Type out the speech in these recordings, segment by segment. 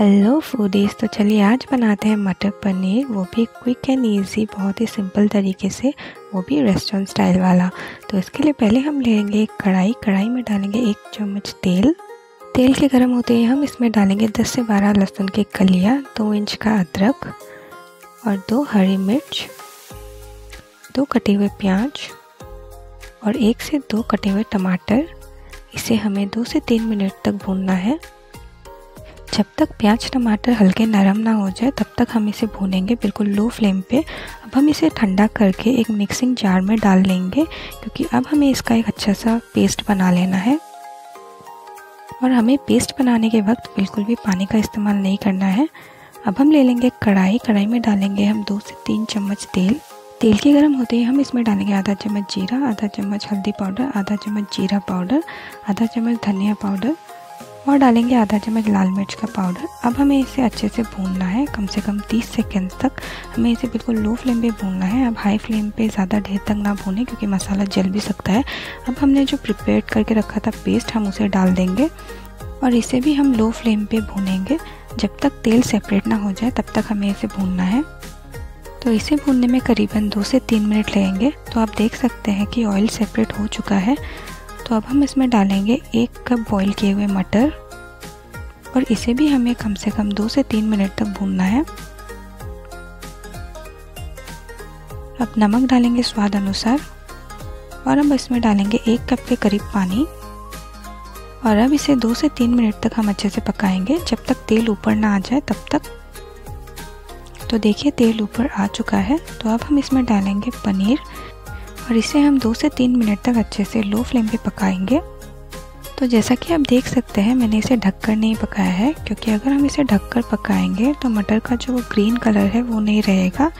hello foodies तो चलिए आज बनाते हैं मटर पनीर वो भी क्विक एंड ईजी बहुत ही सिंपल तरीके से वो भी रेस्टोरेंट स्टाइल वाला तो इसके लिए पहले हम लेंगे एक कढ़ाई कढ़ाई में डालेंगे एक चम्मच तेल तेल के गर्म होते ही हम इसमें डालेंगे 10 से 12 लहसुन के कलिया दो इंच का अदरक और दो हरी मिर्च दो कटे हुए प्याज और एक से दो कटे हुए टमाटर इसे हमें दो से तीन मिनट तक भूनना है जब तक प्याज टमाटर हल्के नरम ना हो जाए तब तक हम इसे भूनेंगे बिल्कुल लो फ्लेम पे अब हम इसे ठंडा करके एक मिक्सिंग जार में डाल लेंगे क्योंकि अब हमें इसका एक अच्छा सा पेस्ट बना लेना है और हमें पेस्ट बनाने के वक्त बिल्कुल भी पानी का इस्तेमाल नहीं करना है अब हम ले लेंगे कढ़ाई कढ़ाई में डालेंगे हम दो से तीन चम्मच तेल तेल के गर्म होते ही हम इसमें डालेंगे आधा चम्मच जीरा आधा चम्मच हल्दी पाउडर आधा चम्मच जीरा पाउडर आधा चम्मच धनिया पाउडर और डालेंगे आधा चम्मच लाल मिर्च का पाउडर अब हमें इसे अच्छे से भूनना है कम से कम 30 सेकेंड तक हमें इसे बिल्कुल लो फ्लेम पे भूनना है अब हाई फ्लेम पे ज़्यादा देर तक ना भूनें क्योंकि मसाला जल भी सकता है अब हमने जो प्रिपेयर करके रखा था पेस्ट हम उसे डाल देंगे और इसे भी हम लो फ्लेम पर भूनेंगे जब तक तेल सेपरेट ना हो जाए तब तक हमें इसे भूनना है तो इसे भूनने में करीबन दो से तीन मिनट लगेंगे तो आप देख सकते हैं कि ऑयल सेपरेट हो चुका है तो अब हम इसमें डालेंगे एक कप बॉईल किए हुए मटर और इसे भी हमें कम से कम दो से तीन मिनट तक भूनना है अब नमक डालेंगे स्वाद अनुसार और अब इसमें डालेंगे एक कप के करीब पानी और अब इसे दो से तीन मिनट तक हम अच्छे से पकाएंगे जब तक तेल ऊपर ना आ जाए तब तक तो देखिए तेल ऊपर आ चुका है तो अब हम इसमें डालेंगे पनीर और इसे हम दो से तीन मिनट तक अच्छे से लो फ्लेम पे पकाएंगे तो जैसा कि आप देख सकते हैं मैंने इसे ढककर नहीं पकाया है क्योंकि अगर हम इसे ढककर पकाएंगे तो मटर का जो ग्रीन कलर है वो नहीं रहेगा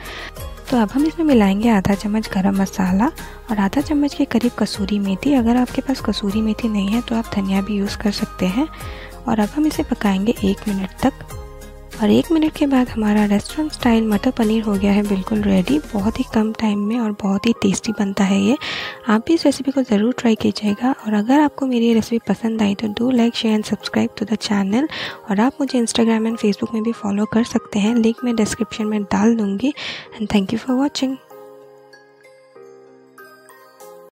तो अब हम इसमें मिलाएंगे आधा चम्मच गरम मसाला और आधा चम्मच के करीब कसूरी मेथी अगर आपके पास कसूरी मेथी नहीं है तो आप धनिया भी यूज़ कर सकते हैं और अब हम इसे पकाएंगे एक मिनट तक और एक मिनट के बाद हमारा रेस्टोरेंट स्टाइल मटर पनीर हो गया है बिल्कुल रेडी बहुत ही कम टाइम में और बहुत ही टेस्टी बनता है ये आप भी इस रेसिपी को ज़रूर ट्राई कीजिएगा और अगर आपको मेरी ये रेसिपी पसंद आई तो do like share and subscribe to the channel और आप मुझे इंस्टाग्राम एंड फेसबुक में भी फॉलो कर सकते हैं लिंक मैं डिस्क्रिप्शन में डाल दूँगी and thank you for watching